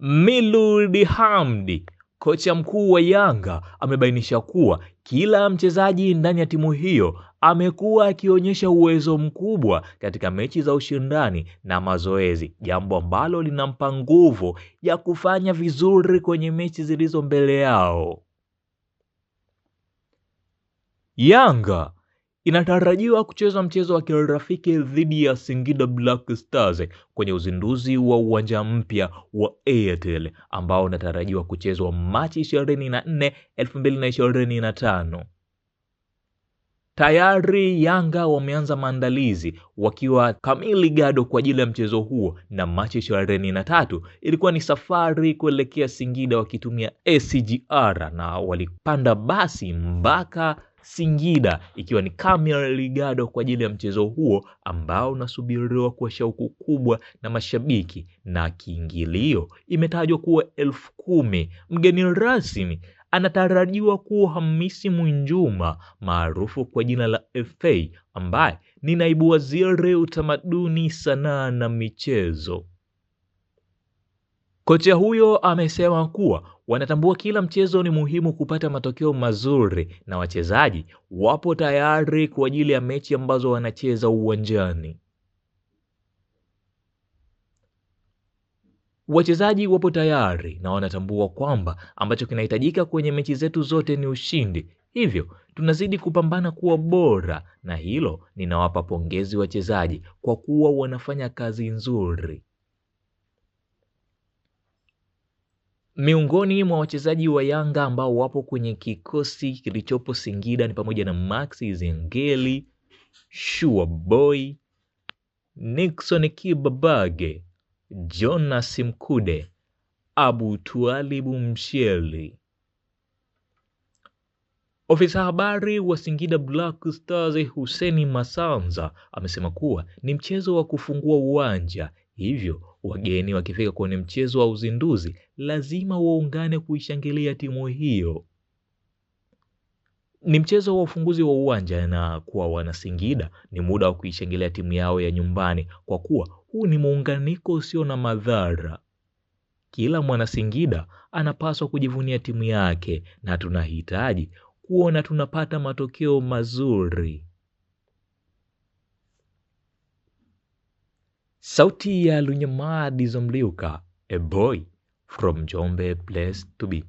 Milud Hamdi kocha mkuu wa Yanga amebainisha kuwa kila mchezaji ndani ya timu hiyo amekuwa akionyesha uwezo mkubwa katika mechi za ushindani na mazoezi, jambo ambalo linampa nguvu ya kufanya vizuri kwenye mechi zilizo mbele yao. Yanga inatarajiwa kucheza mchezo wa kirafiki dhidi ya Singida Black Stars kwenye uzinduzi wa uwanja mpya wa Airtel ambao unatarajiwa kuchezwa Machi 24, 2025. Tayari Yanga wameanza maandalizi wakiwa kamili gado kwa ajili ya mchezo huo, na Machi 23 ilikuwa ni safari kuelekea Singida wakitumia SGR na walipanda basi mpaka Singida, ikiwa ni Camel Ligado kwa ajili ya mchezo huo ambao unasubiriwa kwa shauku kubwa na mashabiki, na kiingilio imetajwa kuwa elfu kumi. Mgeni rasmi anatarajiwa kuwa Hamisi Mwinjuma maarufu kwa jina la FA ambaye ni naibu waziri utamaduni, sanaa na michezo. Kocha huyo amesema kuwa wanatambua kila mchezo ni muhimu kupata matokeo mazuri na wachezaji wapo tayari kwa ajili ya mechi ambazo wanacheza uwanjani. Wachezaji wapo tayari na wanatambua kwamba ambacho kinahitajika kwenye mechi zetu zote ni ushindi. Hivyo tunazidi kupambana kuwa bora na hilo ninawapa pongezi wachezaji kwa kuwa wanafanya kazi nzuri. Miongoni mwa wachezaji wa Yanga ambao wapo kwenye kikosi kilichopo Singida ni pamoja na maxi Zengeli, Shua Boy, Nixon Kibabage, Jonas Mkude, Abu Tualibu Mshieli. Ofisa habari wa Singida Black Stars Hussein Masanza amesema kuwa ni mchezo wa kufungua uwanja Hivyo wageni wakifika kwenye mchezo wa uzinduzi lazima waungane kuishangilia timu hiyo. Ni mchezo wa ufunguzi wa uwanja, na kwa Wanasingida ni muda wa kuishangilia timu yao ya nyumbani, kwa kuwa huu ni muunganiko usio na madhara. Kila Mwanasingida anapaswa kujivunia timu yake, na tunahitaji kuona tunapata matokeo mazuri. Sauti ya lunyamaa zomliuka, a boy from Jombe place to be.